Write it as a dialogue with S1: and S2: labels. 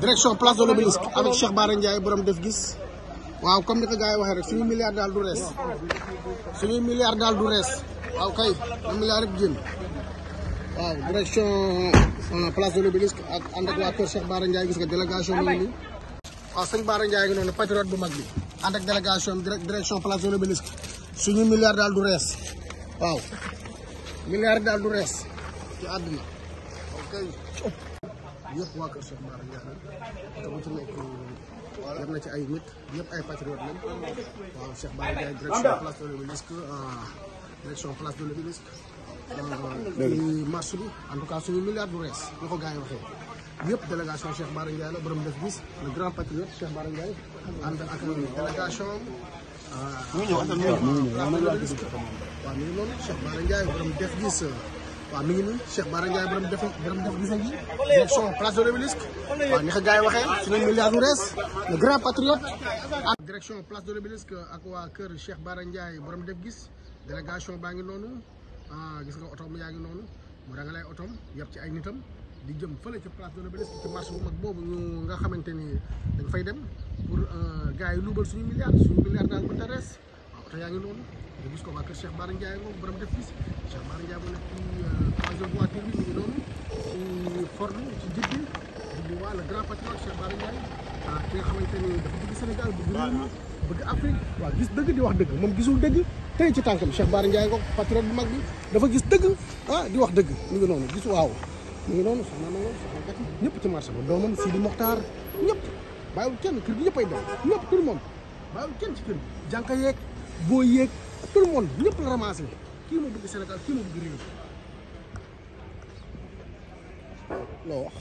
S1: direction place de l'obélisque avec Cheikh Bara borom def gis waaw comme ni ko gars yi waxee rek suñu milliard daal milliard daal du rees waaw kay na milliard rek jëm waaw direction euh, place de l'obélisque ak ànd ak waa kër Cheikh Bara gis nga délégation mi ngi nii waaw sëñ Bara Ndiaye ngi noonu patriote bu mag bi ànd ak délégation direction place de l'obélisque suñu milliard daal du rees waaw milliard daal du rees ci àdduna ok ñëpp waa Kër Cheikh Mara Ndiaye la te bu ci nekk dem na ci ay nit ñëpp ay patriote lañ waaw Cheikh Mara Ndiaye direction place de l'Obélisque ah, direction place de l'Obélisque li ah, marche bi en tout cas suñu milliard bu rees ñu ko gars yi waxee ñëpp délégation Cheikh Bara Ndiaye la borom def bis le grand patriote Cheikh Bara Ndiaye ànd ak délégation ah, waaw mais loolu Cheikh Bara Ndiaye borom def bis waaw mi ngi nii Cheikh Bara Ndiaye borom def borom def gisal ji direction place de l'Obélisque waaw ni ko gars yi waxee suñu milliard bu rees le grand patriote ak direction place de l'Obélisque ak waa kër Cheikh Bara Ndiaye borom def gis délégation baa ngi noonu ah, gis nga otom yaa ngi noonu mu rangalay otom yëpp ci ay nitam di jëm fële ca place de l'Obélisque ci marché bu mag boobu ñu nga xamante ni dañ fay dem pour euh, gars yi luubal suñu milliard suñu milliard daal mënta rees waaw oto yaa ngi noonu ñu gis ko waa kër Cheikh Bara Ndiaye moom borom def gis Cheikh Bara Ndiaye moo nekk euh, Ba le grand patriote Cheikh Bara Ndiaye ah, bëgg Afrique waaw gis dëgg di wax dëgg moom gisul dëgg tey ci tànkam Cheikh Bara Ndiaye ko patriote bu mag bi dafa gis dëgg ah di wax dëgg mi ngi noonu gis waaw mi ngi noonu soxna Nango soxna Kati ñëpp ci marché ba doomam Sidi Mokhtar ñëpp bàyyiwul kenn kër gi ñëppay dem ñëpp tout le monde bàyyiwul kenn ci kër gi jànka yeeg boo yeeg tout le monde ñëpp la ramassé kii moo bëgg Sénégal kii moo bëgg réew loo wax